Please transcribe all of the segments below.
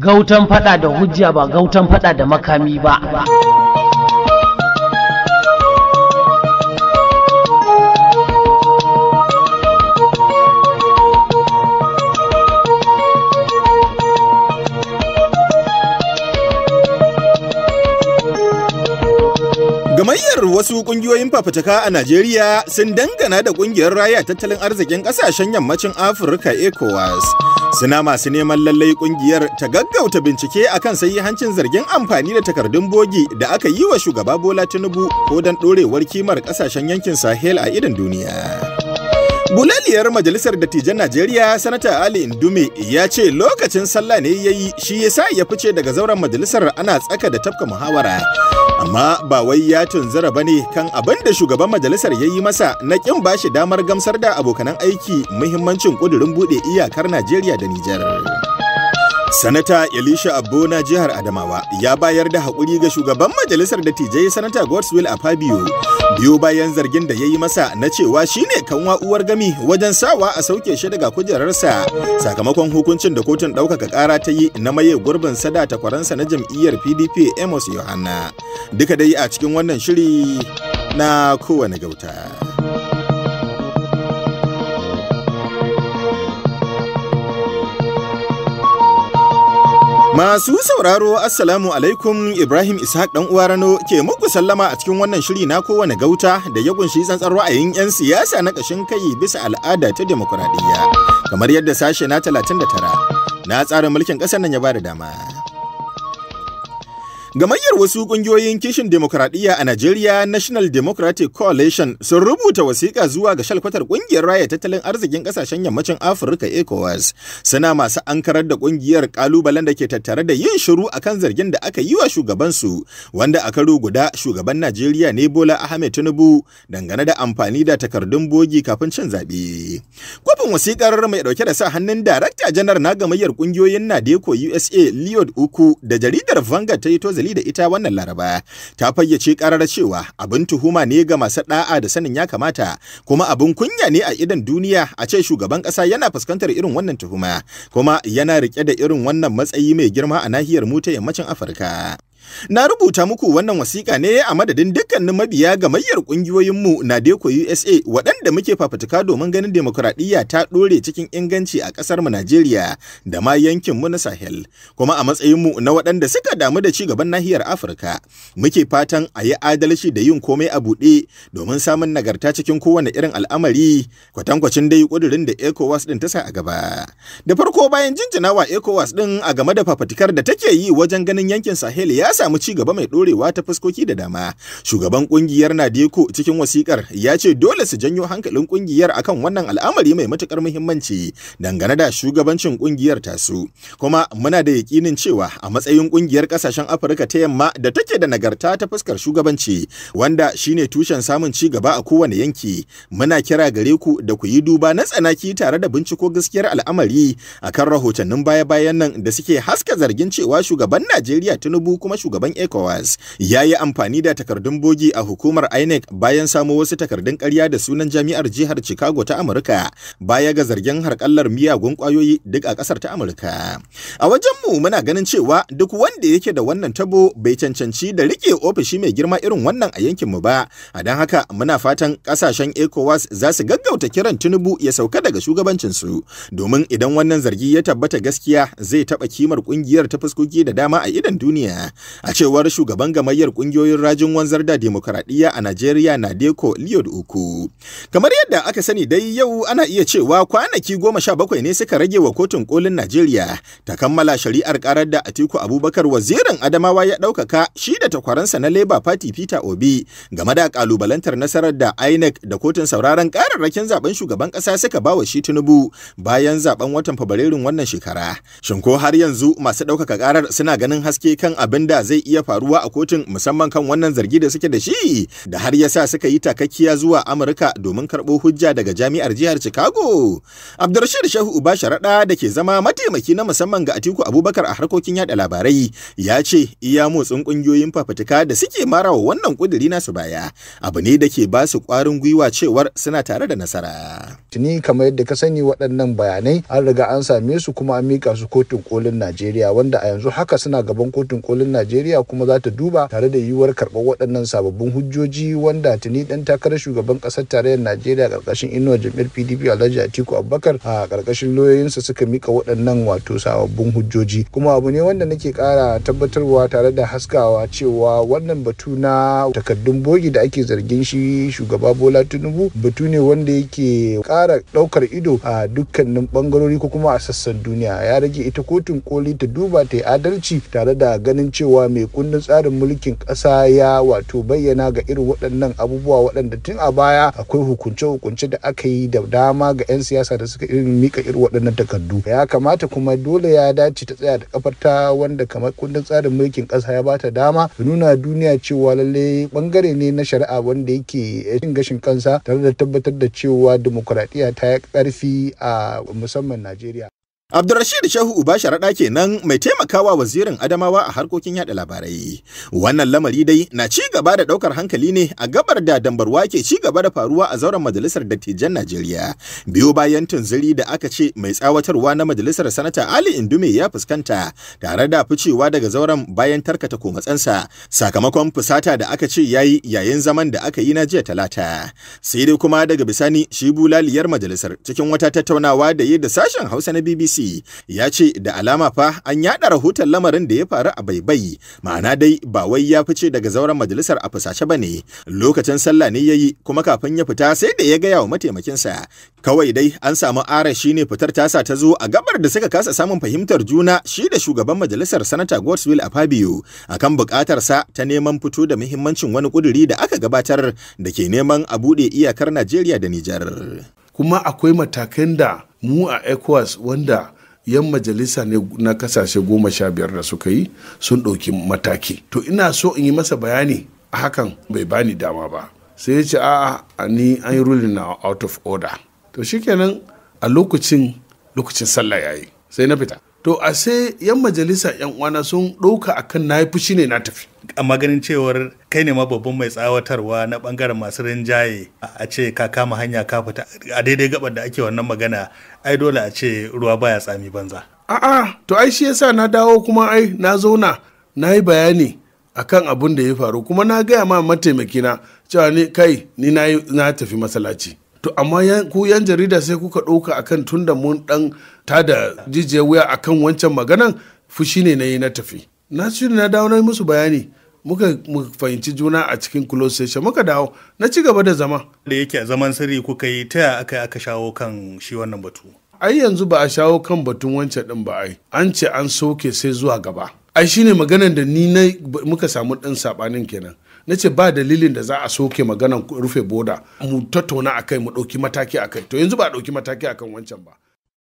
gautan fada da hujja ba gautan fada da makami ba Gamayyar wasu kungiyoyin fafutuka a Najeriya sun dangana da kungiyar raya tattalin arzikin kasashen yammacin Afirka ECOWAS Suna masu neman lallai kungiyar ta gaggauta bincike a kan sayi hancin zargin amfani da takardun bogi da aka yi wa shugaba Bola Tinubu ko don ɗorewar kimar ƙasashen yankin Sahel a idan duniya. Bulaliyar Majalisar Dattijan Najeriya Sanata Ali Indume ya ce lokacin sallah ne ya yi shi ya sa ya fice daga zauren majalisar ana tsaka da tafka muhawara amma ba wai ya tunzura ba ne kan abin da shugaban majalisar ya yi masa na kin bashi damar gamsar da abokanan aiki muhimmancin ƙudurin buɗe iyakar Najeriya da Nijar. Sanata Elisha Abbo na jihar Adamawa ya bayar da haƙuri ga shugaban majalisar dattijai Sanata Godswill Fabio. biyo bayan zargin da ya yi masa na cewa shi ne kanwa uwar gami wajen sawa a sauke shi daga kujerarsa sakamakon hukuncin da kotun ɗaukaka ƙara ta yi na maye gurbin sada takwaransa na jam'iyyar PDP Amos Yohanna. Duka dai a cikin wannan shiri na kowane gauta. Masu sauraro Assalamu alaikum Ibrahim Ishaq dan uwa Rano ke muku sallama a cikin wannan shiri na kowane gauta da ya kunshi tsantsar ra'ayin 'yan siyasa na ƙashin kai bisa al'ada ta demokuraɗiyya kamar yadda sashe na 39 na tsarin mulkin ƙasar nan ya ba da dama. Gamayyar wasu ƙungiyoyin kishin demokuraɗiyya a Najeriya National Democratic Coalition sun rubuta wasiƙa zuwa ga shalkwatar ƙungiyar raya tattalin arzikin ƙasashen yammacin Afirka ECOWAS. Suna masu ankarar da ƙungiyar ƙalubalen da ke tattare da yin shiru akan zargin da aka yi wa shugabansu, wanda a karo guda shugaban Najeriya ne Bola Ahmed Tinubu dangane da amfani da takardun bogi kafin cin zaɓe. kofin wasiƙar mai ɗauke da sa hannun Darakta Janar na Gamayyar Ƙungiyoyin Nadeko USA Leod Uku da jaridar Vanga ta yi to tozali da ita wannan laraba ta fayyace karar cewa abin tuhuma ne ga masu da'a da sanin ya kamata kuma abin kunya ne a idan duniya a ce shugaban kasa yana fuskantar irin wannan tuhuma kuma yana rike da irin wannan matsayi mai girma a nahiyar mu ta yammacin Afirka. Na rubuta muku wannan wasiƙa ne a madadin dukkanin mabiya ga mayyar ƙungiyoyinmu na Deko USA waɗanda muke fafutuka domin ganin demokuraɗiyya ta ɗore cikin inganci a ƙasarmu Najeriya da ma yankinmu na Sahel, kuma a matsayinmu na waɗanda suka damu da ci gaban nahiyar Afirka. Muke fatan a yi adalci da yin komai a buɗe domin samun nagarta cikin kowane irin al'amari, kwatankwacin dai ƙudurin da ECOWAS ɗin ta sa a gaba. Da farko bayan jinjinawa ECOWAS ɗin a game da fafutukar da take yi wajen ganin yankin Sahel ya samu ci gaba mai dorewa ta fuskoki da dama. Shugaban kungiyar Nadeko cikin wasikar ya ce dole su janyo hankalin kungiyar akan wannan al'amari mai matukar muhimmanci dangane da shugabancin kungiyar tasu. Kuma muna da yakinin cewa a matsayin kungiyar kasashen Afirka ta yamma da take da nagarta ta fuskar shugabanci wanda shine tushen samun ci gaba a kowane yanki. Muna kira gare ku da ku yi duba na tsanaki tare da binciko gaskiyar al'amari akan rahotannin baya-bayan nan da suke haska zargin cewa shugaban Najeriya Tinubu kuma shugaban ECOWAS ya yi amfani da takardun bogi a hukumar INEC bayan samo wasu takardun karya da sunan jami'ar jihar Chicago ta Amurka baya ga zargin harkallar miyagun kwayoyi duk a ƙasar ta Amurka. A wajenmu muna ganin cewa duk wanda yake da wannan tabo bai cancanci da rike ofishi mai girma irin wannan a yankinmu ba. A don haka muna fatan ƙasashen ECOWAS za su gaggauta kiran Tinubu ya sauka daga shugabancinsu domin idan wannan zargi ya tabbata gaskiya zai taɓa kimar ƙungiyar ta fuskoki da dama a idan duniya A cewar shugaban gamayyar kungiyoyin rajin wanzar da demokaradiyya a Najeriya na deko Liod Uku. Kamar yadda aka sani dai yau ana iya cewa kwanaki goma sha bakwai ne suka rage wa kotun kolin Najeriya ta kammala shari'ar karar da Atiku Abubakar wazirin Adamawa ya ɗaukaka shi da takwaransa na Labour Party Peter Obi game da kalubalantar nasarar da INEC da kotun sauraron kararrakin zaben shugaban kasa suka ba wa shi Tinubu bayan zaben watan Fabrairun wannan shekara. Shin ko har yanzu masu ɗaukaka karar suna ganin haske kan abin da zai iya faruwa a kotun musamman kan wannan zargi da suke da shi da har ya sa suka yi takakkiya zuwa Amurka domin karɓo hujja daga jami'ar jihar Chicago. Abdurrashid Shehu Uba Sharaɗa da ke zama mataimaki na musamman ga Atiku Abubakar a harkokin yaɗa labarai ya ce iya motsin ƙungiyoyin fafutuka da suke mara wa wannan ƙuduri nasu baya abu ne da ke ba su ƙwarin gwiwa cewar suna tare da nasara. Tuni kamar yadda ka sani waɗannan bayanai an riga an same su kuma an mika su kotun kolin Najeriya wanda a yanzu haka suna gaban kotun kolin Najeriya najeriya kuma za ta duba tare da yiwuwar karɓar waɗannan sababbin hujjoji wanda tuni ɗan takarar shugaban ƙasar tarayyar najeriya ƙarƙashin inuwa jam'iyyar pdp alhaji atiku abubakar a ƙarƙashin lauyoyinsa suka mika waɗannan wato sababbin hujjoji kuma abu ne wanda nake ƙara tabbatarwa tare da haskawa cewa wannan batu na takaddun bogi da ake zargin shi shugaba bola tinubu batu ne wanda yake ƙara ɗaukar ido a dukkanin ɓangarori ko kuma a sassan duniya ya rage ita kotun koli ta duba ta yi adalci tare da ganin cewa cewa mai kundin tsarin mulkin ƙasa ya wato bayyana ga irin waɗannan abubuwa waɗanda tun a baya akwai hukunce-hukunce da aka yi da dama ga 'yan siyasa da suka irin mika irin waɗannan takardu ya kamata kuma dole ya dace ta tsaya da kafarta wanda kamar kundin tsarin mulkin ƙasa ya bata dama su nuna duniya cewa lalle bangare ne na shari'a wanda yake cin gashin kansa tare da tabbatar da cewa dimokuraɗiyya ta yi ƙarfi a musamman najeriya Abdurrashid Shehu Uba Sharaɗa kenan mai taimakawa wazirin Adamawa a harkokin yada labarai. Wannan lamari dai na ci gaba da ɗaukar hankali ne a gabar da dambarwa ke ci gaba da faruwa a zauren majalisar dattijan Najeriya. Biyo bayan tunziri da aka ce mai tsawatarwa na majalisar sanata Ali Indume ya fuskanta tare da ficewa daga zauren bayan tarkata komatsansa sakamakon fusata da aka ce yayi yayin zaman da aka yi na jiya talata. Sai dai kuma daga bisani shi bulaliyar majalisar cikin wata tattaunawa da yi da sashen Hausa na BBC ya ce da alama fa an yaɗa rahoton lamarin da ya faru a baibai ma'ana dai ba wai ya fice daga zauren majalisar a fusace ba ne lokacin sallah ne ya yi kuma kafin ya fita sai da ya gaya wa mataimakinsa kawai dai an samu shi ne fitar tasa ta zo a gabar da suka kasa samun fahimtar juna shi da shugaban majalisar sanata Godswill a Fabio akan sa ta neman fito da muhimmancin wani kuduri da aka gabatar da ke neman a buɗe iyakar Najeriya da Nijar. Kuma akwai matakan da mu a ecowas wanda yan majalisa ne na kasashe goma sha biyar da suka yi sun ɗauki mataki to ina so in yi masa bayani a hakan bai bani dama ba sai ya ce a'a ni an yi ruling na out of order to shikenan a lokacin lokacin sallah yayi sai na fita to a sai yan majalisa yan uwana sun ɗauka akan na yi fushi ne na tafi amma ganin cewar kai ne ma babban mai tsawatarwa na bangaren masu rinjaye a ce ka kama hanya ka fita a daidai gabar da ake wannan magana ai dole a ce ruwa baya tsami banza a'a to ai shi yasa na dawo kuma ai na zauna na yi bayani akan abun da ya faru kuma na gaya ma mataimakina cewa ni kai ni na tafi masallaci to amma ku yan jarida sai kuka ɗauka akan tunda mun ɗan ta da jijiyar wuya akan wancan maganan fushi ne na yi na tafi na ci na dawo na musu bayani muka fahimci juna a cikin close session muka dawo na ci gaba da zama da yake a zaman sirri kuka yi ta aka aka shawo kan shi wannan batu ai yanzu ba a shawo kan batun wancan din ba ai an ce an soke sai zuwa gaba ai shine maganan da ni na muka samu ɗan sabanin kenan na ce ba dalilin da za a soke maganan rufe boda mu tattauna kai mu ɗauki mataki akai to yanzu ba a ɗauki mataki akan wancan ba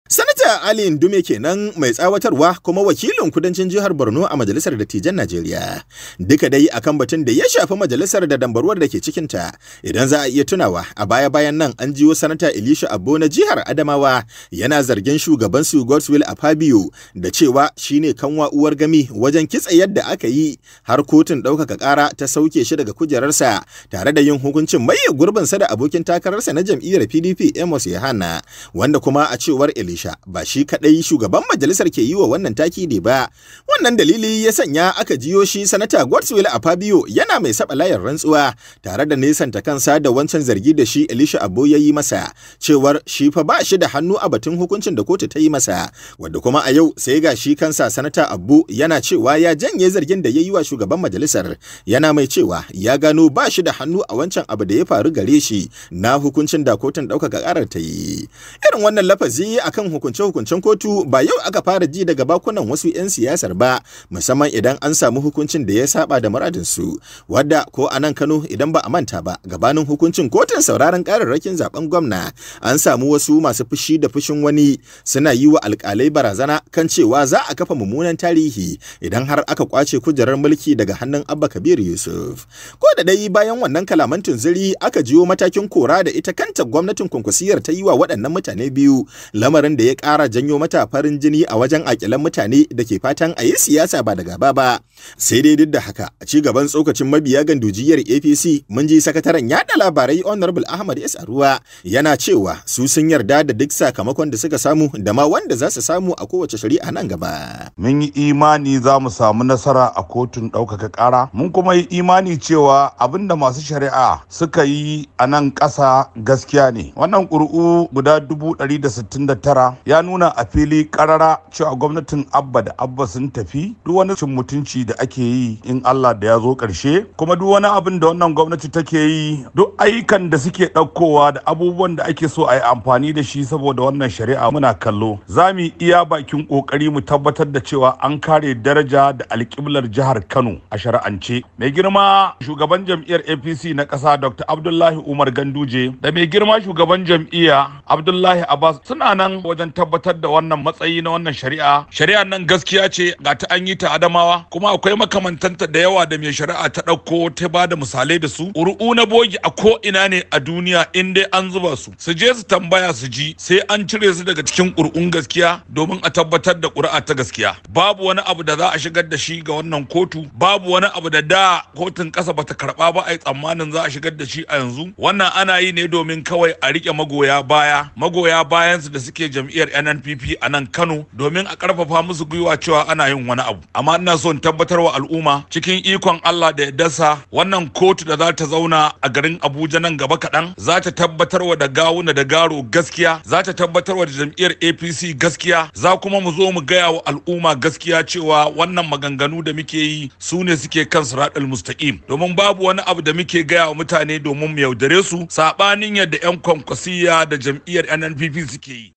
Sanata Ali Ndume kenan mai tsawatarwa kuma wakilin kudancin jihar Borno a Majalisar Dattijan Najeriya. Duka dai akan batun da ya shafi majalisar da dambarwar da ke cikinta. Idan za a iya tunawa a baya-bayan nan an jiwo sanata Elisha Abbo na jihar Adamawa yana zargin shugaban su Godswill Afabio da cewa shine kanwa uwar gami wajen kitse yadda aka yi har kotun ɗaukaka kara ta sauke shi daga kujerarsa tare da yin hukuncin mai gurbinsa da abokin takararsa na jam'iyyar PDP Amos Yahana wanda kuma a cewar Elisha sha ba shi kaɗai shugaban majalisar ke yi wa wannan taki ne ba. Wannan dalili ya sanya aka jiyo shi sanata Godswill Fabio yana mai saba layar rantsuwa tare da nesanta kansa da wancan zargi da shi Elisha Abo ya yi masa cewar shi fa ba shi da hannu a batun hukuncin da kotu ta yi masa wadda kuma a yau sai ga shi kansa sanata Abu yana cewa ya janye zargin da ya yi wa shugaban majalisar yana mai cewa ya gano ba shi da hannu a wancan abu da ya faru gare shi na hukuncin da kotun ɗaukaka ƙarar ta yi. Irin wannan lafazi akan kan hukunce-hukuncen kotu ba yau aka fara ji daga bakunan wasu 'yan siyasar ba musamman idan an samu hukuncin da ya saba da muradinsu wadda ko a nan kano idan ba a manta ba gabanin hukuncin kotun sauraron kararrakin zaben gwamna an samu wasu masu fushi da fushin wani suna yi wa alkalai barazana kan cewa za a kafa mummunan tarihi idan har aka kwace kujerar mulki daga hannun abba kabir yusuf ko da dai bayan wannan kalaman tunziri aka jiyo matakin kora da ita kanta gwamnatin kwankwasiyar ta yi wa waɗannan mutane biyu lamarin da ya ƙara janyo mata farin jini a wajen akilan mutane da ke fatan a yi siyasa ba da gaba ba sai dai duk da haka a ci gaban tsokacin mabiya gandujiyar apc mun ji sakataren yada labarai honorable ahmad s aruwa yana cewa su sun yarda da duk sakamakon da suka samu da ma wanda za su samu a kowace shari'a nan gaba mun yi imani za mu samu nasara a kotun ɗaukaka ƙara mun kuma yi imani cewa abin da masu shari'a suka yi a nan ƙasa gaskiya ne wannan ƙuri'u guda dubu ɗari da sittin da tara ya nuna a fili ƙarara cewa gwamnatin abba da abba sun tafi duk wani cin mutunci da ake yi in Allah da ya zo ƙarshe kuma duk wani abin da wannan gwamnati take yi duk ayyukan da suke ɗaukowa da abubuwan da ake so a yi amfani da shi saboda wannan shari'a muna kallo za mu iya bakin ƙoƙari mu tabbatar da cewa an kare daraja da alƙiblar jihar Kano a shari'ance mai girma shugaban jam'iyyar APC na ƙasa Dr. Abdullahi Umar Ganduje da mai girma shugaban jam'iyya Abdullahi Abbas suna nan wajen tabbatar da wannan matsayi na wannan shari'a shari'a nan gaskiya ce ga ta an yi ta Adamawa kuma akwai makamantanta da yawa da mai shari'a ta ɗauko ta ba da misalai da su ƙuri'u na bogi a ko ina ne a duniya in dai an zuba su su je su tambaya su ji sai an cire su daga cikin ƙuri'un gaskiya domin a tabbatar da ƙuri'a ta gaskiya babu wani abu da za a shigar da shi ga wannan kotu babu wani abu da da kotun ƙasa bata karɓa ba a yi tsammanin za a shigar da shi a yanzu wannan ana yi ne domin kawai a riƙe magoya baya magoya bayansu da suke jam'iyyar NNPP a nan Kano domin a ƙarfafa musu gwiwa cewa ana yin wani abu amma ina so in tabbatar tabbatar wa al'umma cikin ikon Allah da dasa wannan kotu da za ta zauna a garin Abuja nan gaba kaɗan za ta tabbatar wa da gawuna da garo gaskiya za ta tabbatar wa da jam'iyyar APC gaskiya za kuma mu zo mu gaya wa al'umma gaskiya cewa wannan maganganu da muke yi su ne suke kan siratul mustaqim domin babu wani abu da muke gaya wa mutane domin mu yaudare su sabanin yadda 'yan kwankwasiya da jam'iyyar NNPP suke yi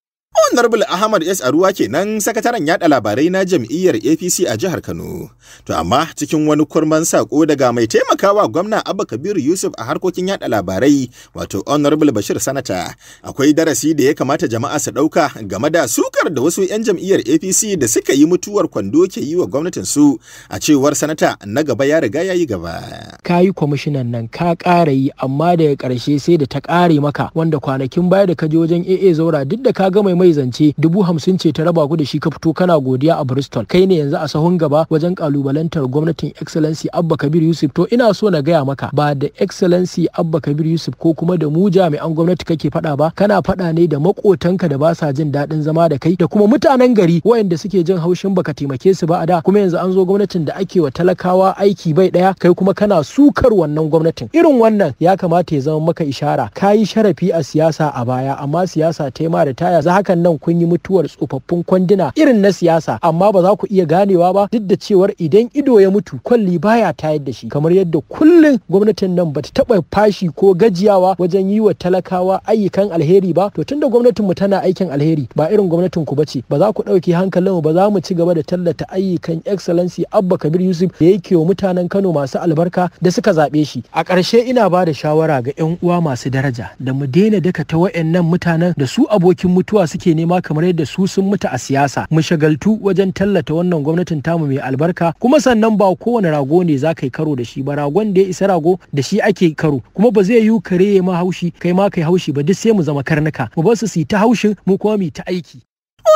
Honorable Ahmad S. Aruwa kenan sakataren yada labarai na jam'iyyar APC a jihar Kano. To amma cikin wani kurman sako daga mai taimakawa gwamna Abba Kabir Yusuf a harkokin yada labarai wato Honorable Bashir Sanata akwai darasi da ya kamata jama'a su ɗauka game da sukar da wasu 'yan jam'iyyar APC da suka yi mutuwar kwando ke yi wa gwamnatin su a cewar Sanata na gaba ya riga ya yi gaba. Ka yi kwamishinan nan ka ƙara yi amma daga ƙarshe sai da ta ƙare maka wanda kwanakin baya da ka je wajen AA Zaura duk da ka ga mai mai zance dubu hamsin ce ta raba ku da shi ka fito kana godiya a Bristol kai ne yanzu a sahun gaba wajen kalubalantar gwamnatin excellency Abba Kabir Yusuf to ina so na gaya maka ba da excellency Abba Kabir Yusuf ko kuma da mu jami'an gwamnati kake faɗa ba kana faɗa ne da makotanka da ba sa jin daɗin zama da kai da kuma mutanen gari wayanda suke jin haushin baka taimake su ba a da kuma yanzu an zo gwamnatin da ake wa talakawa aiki bai ɗaya kai kuma kana sukar wannan gwamnatin irin wannan ya kamata ya zama maka ishara ka yi sharafi a siyasa a baya amma siyasa ta ma da taya za haka nan kun yi mutuwar tsofaffin kwandina irin na siyasa amma ba za ku iya ganewa ba duk da cewar idan ido ya mutu kwalli baya tayar da shi kamar yadda kullum gwamnatin nan bata taɓa fashi ko gajiyawa wajen yi wa talakawa ayyukan alheri ba to tunda gwamnatin mu tana aikin alheri ba irin gwamnatin ku bace ba za ku ɗauki hankalin mu ba za mu ci gaba da tallata ayyukan excellency Abba Kabir Yusuf da yake wa mutanen Kano masu albarka da suka zaɓe shi a ƙarshe ina ba da shawara ga 'yan uwa masu daraja da mu daina daka ta wayannan mutanen da su abokin mutuwa suke ake nema kamar yadda su sun mutu a siyasa mu shagaltu wajen tallata wannan gwamnatin tamu mai albarka kuma sannan ba kowane rago ne za ka yi karo da shi ba ragon da ya isa rago da shi ake karo kuma ba zai yiwu kare ya ma haushi kai ma kai haushi ba duk sai mu zama karnuka mu bar su su yi ta haushin mu kuma mu ta aiki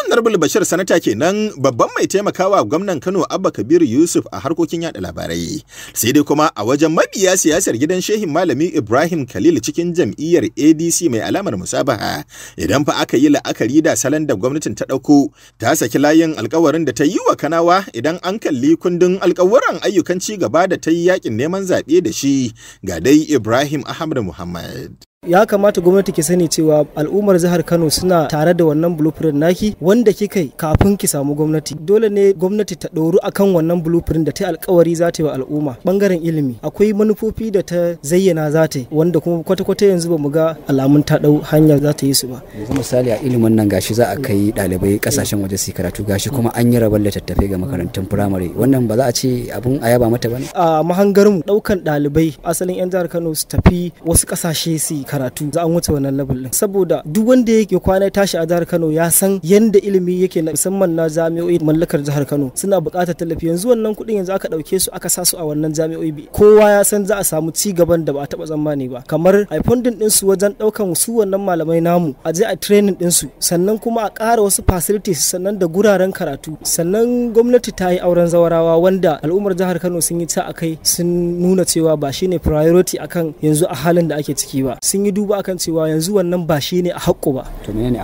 Honorable Bashir Sanata kenan babban mai taimakawa gwamnan Kano Abba Kabiru Yusuf a harkokin yada labarai. Sai dai kuma a wajen mabiya siyasar gidan Shehin Malami Ibrahim Khalil cikin jam'iyyar ADC mai alamar musabaha. Idan fa aka yi la'akari da salon da gwamnatin ta ɗauko, ta saki layin alkawarin da ta yi wa Kanawa idan an kalli kundin alkawuran ayyukan ci gaba da ta yi yakin neman zaɓe da shi ga dai Ibrahim Ahmad Muhammad. ya kamata gwamnati ki sani cewa al'ummar jihar kano suna tare da wannan blueprint naki wanda kika kafin ki samu gwamnati dole ne gwamnati ta ɗoru akan wannan blueprint da ta alkawari za ta yi wa al'umma bangaren ilimi akwai manufofi da ta zayyana za ta yi wanda kuma kwata-kwata yanzu ba mu ga alamun ta ɗau hanya za ta yi su ba yanzu misali a ilimin nan gashi za a kai ɗalibai ƙasashen waje su karatu gashi kuma an yi rabon littattafai ga makarantun firamare wannan ba za a ce abun a yaba mata ba ne a mahangarmu ɗaukan ɗalibai asalin 'yan jihar kano su tafi wasu ƙasashe su karatu za a wuce wannan level din saboda duk wanda yake kwana tashi a jihar Kano ya san yanda ilimi yake na musamman na jami'o'i mallakar jihar Kano suna buƙatar tallafi yanzu wannan kuɗin yanzu aka ɗauke su aka sa a wannan jami'o'i kowa ya san za a samu ci gaban da ba a taɓa tsammani ba kamar aifondin funding din su wajen ɗaukan su wannan malamai namu a je a training din su sannan kuma a ƙara wasu facilities sannan da guraren karatu sannan gwamnati ta yi auren zawarawa wanda al'ummar jihar Kano sun yi ta akai sun nuna cewa ba shine priority akan yanzu a halin da ake ciki ba sun yi duba akan cewa yanzu wannan ba ne a haƙƙo ba to ne a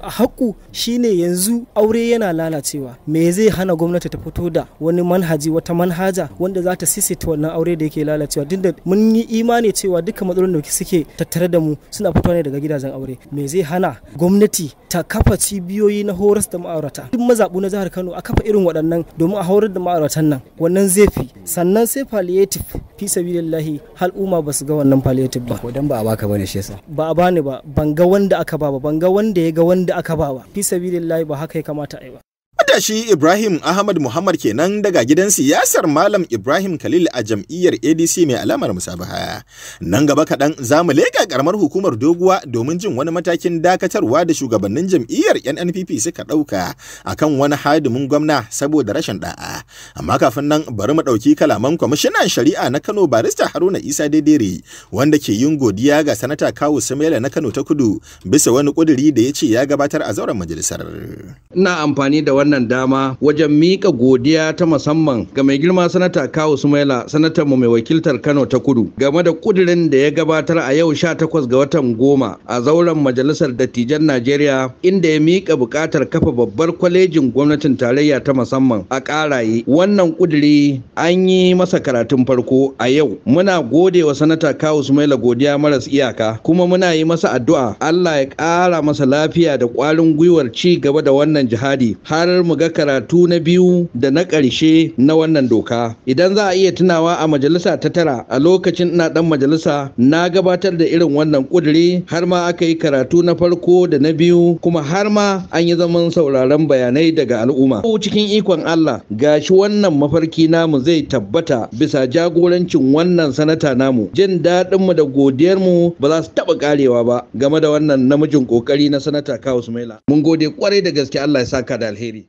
haƙƙo a haƙƙo shine yanzu aure yana lalacewa me zai hana gwamnati ta fito da wani manhaji wata manhaja wanda za ta sisita wannan aure da yake lalacewa duk da mun yi imani cewa dukkan matsalolin da suke tattare da mu suna fitowa ne daga gidajen aure me zai hana gwamnati ta kafa cibiyoyi na horas da ma'aurata duk mazaɓu na jihar Kano a kafa irin waɗannan domin a horar da ma'auratan nan wannan zai fi sannan sai palliative fi sabilillahi al'umma ba su ga wannan palliative ba ba a ba bane shi yasa ba a bani ba ban ga wanda aka ba ba ban ga wanda ya ga wanda aka ba ba fi sabilillahi ba haka ya kamata a yi ba Matashi Ibrahim Ahmad Muhammad kenan daga gidan siyasar Malam Ibrahim Khalil a jam'iyyar ADC mai alamar musabaha. Nan gaba kaɗan za mu leƙa ƙaramar hukumar doguwa domin jin wani matakin dakatarwa da shugabannin jam'iyyar NNPP suka ɗauka akan wani hadimin gwamna saboda rashin ɗa'a. Amma kafin nan bari mu ɗauki kalaman kwamishinan shari'a na Kano barista Haruna Isa Dedere wanda ke yin godiya ga sanata Kawu Sumaila na Kano ta Kudu bisa wani ƙuduri da ya ce ya gabatar a zauren majalisar. Ina amfani da wannan wannan dama wajen mika godiya ta musamman ga mai girma sanata Kawu Sumaila sanatar mu mai wakiltar Kano ta Kudu game da kudirin da ya gabatar a yau 18 ga watan goma a zauren majalisar dattijan Najeriya inda ya mika bukatar kafa babbar kwalejin gwamnatin tarayya ta musamman a karaye wannan kudiri an yi masa karatun farko a yau muna gode wa sanata Kawu Sumaila godiya maras iyaka kuma muna yi masa addu'a Allah ya ƙara masa lafiya da ƙwarin gwiwar ci gaba da wannan jihadi har mu ga karatu na biyu da na ƙarshe na wannan doka. Idan za a iya tunawa a majalisa ta tara a lokacin ina dan majalisa na gabatar da irin wannan ƙudiri har ma aka yi karatu na farko da na biyu kuma har ma an yi zaman sauraron bayanai daga al'umma. Ko cikin ikon Allah gashi wannan mafarki namu zai tabbata bisa jagorancin wannan sanata namu. Jin mu da godiyarmu ba za su taɓa karewa ba game da wannan namijin kokari na sanata Kawu Sumaila. Mun gode kwarai da gaske Allah ya saka da alheri.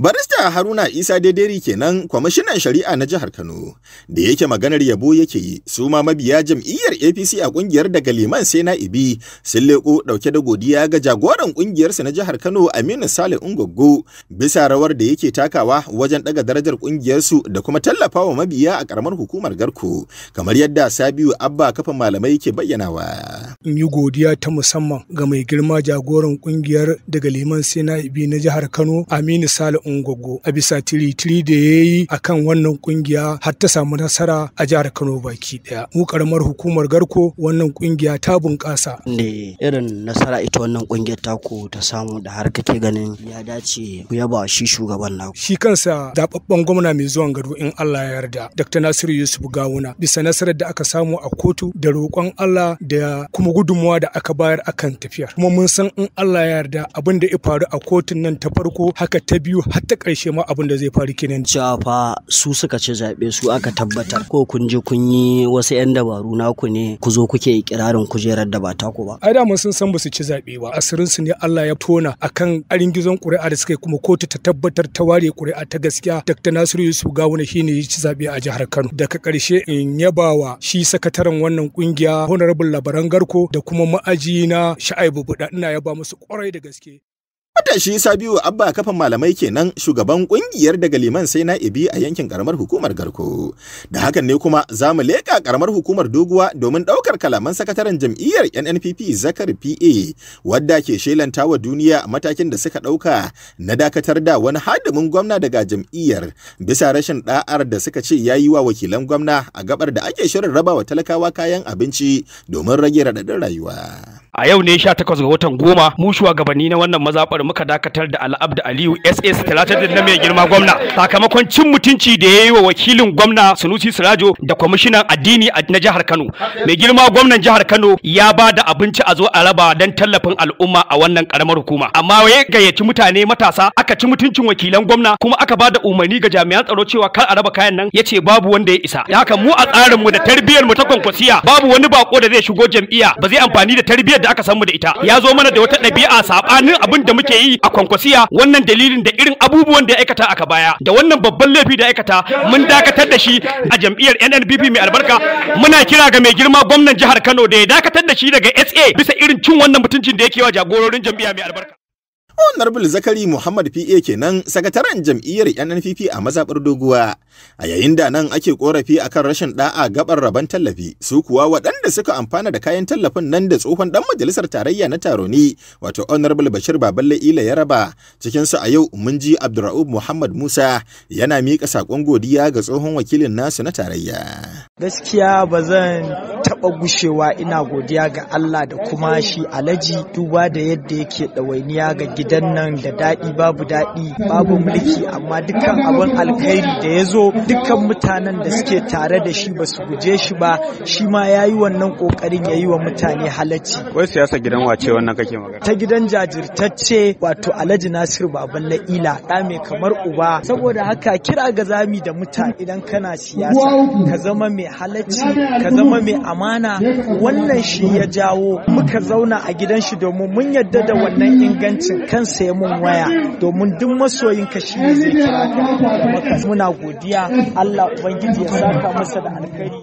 Barista Haruna Isa Dederi kenan kwamishinan shari'a na jihar Kano da yake maganar yabo yake yi su ma mabiya jam'iyyar APC a kungiyar daga Liman sai na Ibi sun leko dauke da godiya ga jagoran kungiyar sa na jihar Kano Aminu Sale Ungoggo bisa rawar da yake takawa wajen daga darajar kungiyar su da kuma tallafawa mabiya a karamar hukumar Garko kamar yadda Sabiu Abba kafa malamai ke bayyanawa. in yi godiya ta musamman ga mai girma jagoran kungiyar daga liman sena ibi na jihar kano aminu sale ungogo a bisa tiri-tiri da ya yi a kan wannan kungiya har ta samu nasara a jihar kano baki daya mu karamar hukumar garko wannan kungiya ta bunƙasa. ne irin nasara ita wannan kungiyar taku ta samu da har kake ganin ya dace ku yaba shi shugaban naku. shi kansa zababben gwamna mai zuwan gado in allah ya yarda dr nasiru yusuf gawuna bisa nasarar da aka samu a kotu da roƙon allah da kuma gudumawa da aka bayar akan tafiyar kuma mun san in Allah ya yarda abin da ya faru a kotun nan ta farko haka ta biyu har ta ƙarshe ma abin da zai faru kenan cewa su suka ci zaɓe su aka tabbatar ko kun je kun yi wasu 'yan dabaru naku ne ku zo kuke ikirarin kujerar da ba ku ba ai da mun sun san ba su ci zaɓe ba asirin su ne Allah ya tona akan arin gizon ƙuri'a da suka yi kuma kotu ta tabbatar ta ware ƙuri'a ta gaskiya Dr. Nasiru Yusuf Gawuna shine ya ci zaɓe a jihar Kano daga ƙarshe in yabawa shi sakataren wannan kungiya Honorable Labaran Garko da kuma ma'aji na sha'aibu Buda ina ba musu kwarai da gaske. Matashi Sabiu Abba kafan malamai kenan shugaban kungiyar daga liman sai na ibi a yankin karamar hukumar Garko. Da hakan ne kuma za mu leƙa karamar hukumar Doguwa domin ɗaukar kalaman sakataren jam'iyyar NNPP Zakar PA wadda ke shelanta wa duniya matakin da suka ɗauka na dakatar da wani hadimin gwamna daga jam'iyyar bisa rashin ɗa'ar da suka ce ya yi wa wakilan gwamna a gabar da ake shirin rabawa talakawa kayan abinci domin rage raɗaɗin rayuwa. a yau ne 18 ga watan goma mu shugabanni na wannan mazabar muka dakatar da al'abda aliyu ss 30 na mai girma gwamna sakamakon cin mutunci da ya yi wa wakilin gwamna sunusi sirajo da kwamishinan addini na jihar kano mai girma gwamnan jihar kano ya ba da abinci a zo a raba don tallafin al'umma a wannan karamar hukuma amma ya gayyaci mutane matasa aka ci mutuncin wakilan gwamna kuma aka ba da umarni ga jami'an tsaro cewa kar a raba kayan nan ya ce babu wanda ya isa haka mu a tsarin mu da tarbiyyar mu ta kwankwasiya babu wani bako da zai shigo jam'iyya ba zai amfani da tarbiyyar da aka san mu da ita ya zo mana da wata ɗabi'a saɓanin abin da muke yi a kwankwasiya wannan dalilin da irin abubuwan da ya aikata aka baya da wannan babban laifi da aikata mun dakatar da shi a jam'iyyar NNPP mai albarka muna kira ga mai girma gwamnan jihar Kano da ya dakatar da shi daga SA bisa irin cin wannan mutuncin da yake wa jagororin jam'iyya mai albarka Honorable Zakari Muhammad PA kenan sakataren jam'iyyar NNPP a mazaɓar doguwa. A yayin da nan ake korafi akan rashin ɗa'a gaɓar rabon tallafi, su kuwa waɗanda suka amfana da kayan tallafin nan da tsohon ɗan majalisar tarayya na Taroni, wato Honorable Bashir Baballe Ila ya raba, cikin su a yau mun ji Abdurra'ub Muhammad Musa yana miƙa saƙon godiya ga tsohon wakilin nasu na tarayya. Gaskiya ba zan taba gushewa ina godiya ga Allah da kuma shi alaji duba da yadda yake ɗawainiya ga gidan nan da daɗi babu daɗi babu mulki amma dukkan abin alkhairi da ya zo dukkan mutanen da suke tare da shi ba su guje shi ba shi ma ya yi wannan ƙoƙarin ya yi wa mutane halacci. Wai siyasa gidan wace wannan kake magana? Ta gidan jajirtacce wato Alhaji Nasir Baban La'ila ɗa mai kamar uba saboda haka kira ga zami da mutane idan kana siyasa ka zama mai halacci ka zama mai amana amana wannan shi ya jawo muka zauna a gidan shi domin mun yadda da wannan ingancin kan ya mun waya domin duk masoyin ka shi ne zai kira ka muna godiya Allah ubangiji ya saka masa da alkhairi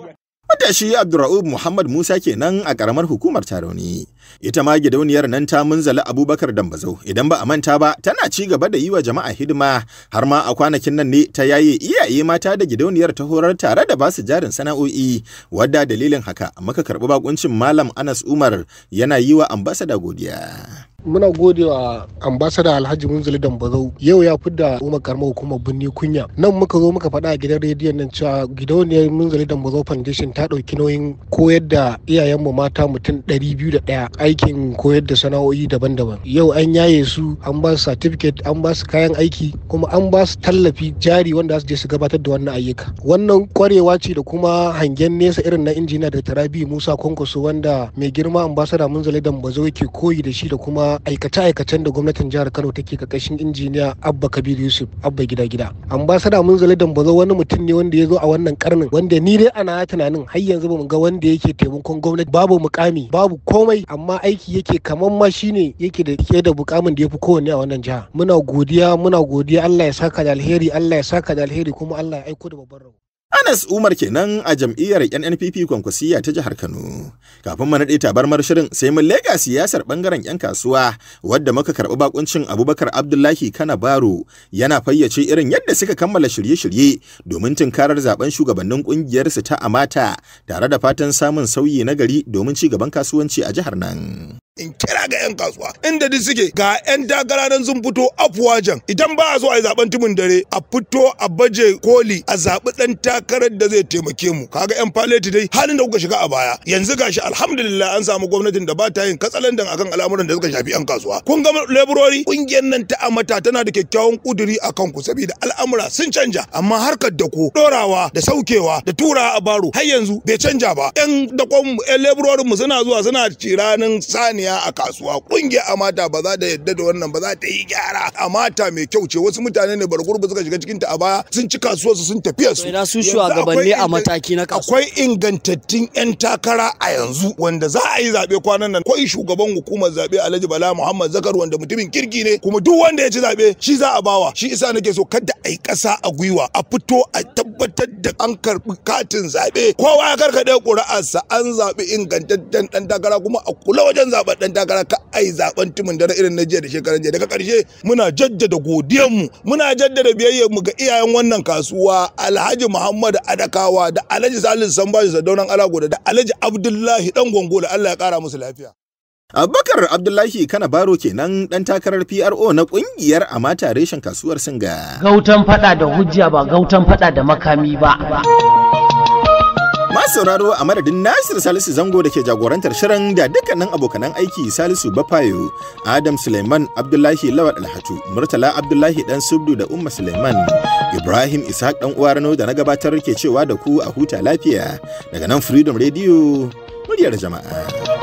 shi Abdurra'ub Muhammad Musa kenan a karamar hukumar Taroni. Ita ma gidauniyar nan ta munzala Abubakar Dambazau idan ba a manta ba tana ci gaba da yi wa jama'a hidima har ma a kwanakin nan ne ta yaye iyaye mata da gidauniyar ta horar tare da basu jarin sana'o'i wadda dalilin haka muka karɓi bakuncin Malam Anas Umar yana yi wa ambasada godiya. muna gode wa ambasada alhaji munzali dambazau yau ya fi da umar karama hukumar birni kunya nan muka zo muka faɗa a gidan rediyon nan cewa gidauniyar munzali dambazau foundation ta ɗauki nauyin koyar da iyayen mu mata mutum ɗari biyu da ɗaya aikin koyar da sana'o'i daban-daban yau an yaye su an ba su certificate an ba su kayan aiki kuma an ba su tallafi jari wanda su je su gabatar da wannan ayyuka wannan kwarewa ce da kuma hangen nesa irin na injiniya da tarabi musa kwankwaso wanda mai girma ambasada munzali dambazau yake koyi da shi da kuma aikace-aikacen da gwamnatin jihar Kano take kakashin injiniya Abba Kabir Yusuf Abba gida gida. Ambasada dan bazo wani mutum ne wanda ya zo a wannan karnin wanda ni dai ana tunanin har yanzu bamu ga wanda yake taimakon gwamnati babu mukami babu komai amma aiki yake kamar ma shine yake da ke da bukamin da yafi kowanne a wannan jiha. Muna godiya muna godiya Allah ya saka da alheri Allah ya saka da alheri kuma Allah ya aiko da babbar rawa Anas Umar kenan a jam'iyyar NNPP Kwankwasiya ta jihar Kano. Kafin mu naɗe tabarmar shirin sai mun leƙa siyasar ɓangaren 'yan kasuwa wadda muka karɓi bakuncin Abubakar Abdullahi Kana Baro yana fayyace irin yadda suka kammala shirye-shirye domin tunkarar zaben shugabannin ƙungiyarsu ta Amata tare da fatan samun sauyi na gari domin ci gaban kasuwanci a jihar nan. in kira ga 'yan kasuwa inda duk suke ga 'yan takara nan sun fito afuwajen idan ba a so a yi zaben tumin dare a fito a baje koli a zaɓi ɗan takarar da zai taimake mu kaga 'yan faleti dai halin da kuka shiga a baya yanzu gashi alhamdulillah an samu gwamnatin da ba ta yin katsalandan akan al'amuran da suka shafi 'yan kasuwa kun ga laborori kungiyar nan ta amata tana da kyakkyawan kuduri akan kanku saboda al'amura sun canja amma harkar da ku dorawa da saukewa da tura a baro har yanzu bai canja ba 'yan dakon mu 'yan mu suna zuwa suna ciranin saniya hayaniya a kasuwa kungiya amata ba za da yadda da wannan ba za ta yi gyara amata mai kyau ce wasu mutane ne ba suka shiga cikin ta a baya sun ci kasuwar su sun tafiya su ina su shugabanni a mataki na kasuwa akwai ingantattun yan takara a yanzu wanda za a yi zabe kwanan nan akwai shugaban hukumar zabe Alhaji Bala Muhammad Zakar wanda mutumin kirki ne kuma duk wanda ya ci zabe shi za a bawa shi isa nake so kada a yi kasa a gwiwa a fito a tabbatar da an karbi katin zabe kowa ya karkade ƙuri'arsa an zabi ingantaccen dan takara kuma a kula wajen zaben dan takara ka ai zaben tumin dare irin na jiya da shekaran jiya daga karshe muna jaddada godiyanmu muna jaddada biyayyarmu ga iyayen wannan kasuwa Alhaji Muhammad Adakawa da Alhaji Salisu Sambaji Sadaunan Alagoda da Alhaji Abdullahi dan Gongola Allah ya kara musu lafiya Abubakar Abdullahi Kana Baro kenan dan takarar PRO na kungiyar Amata reshen kasuwar Singa. Gautan fada da hujja ba gautan fada da makami ba. Masu sauraro a madadin Nasir Salisu Zango da ke jagorantar shirin da dukkanin abokanan aiki Salisu Bafayo, Adam Suleiman Abdullahi Lawal Alhatu, Murtala Abdullahi Dan Subdu da Umma Suleiman, Ibrahim Ishaq Dan Uwarano da na gabatar ke cewa da ku a huta lafiya daga nan Freedom Radio muryar jama'a.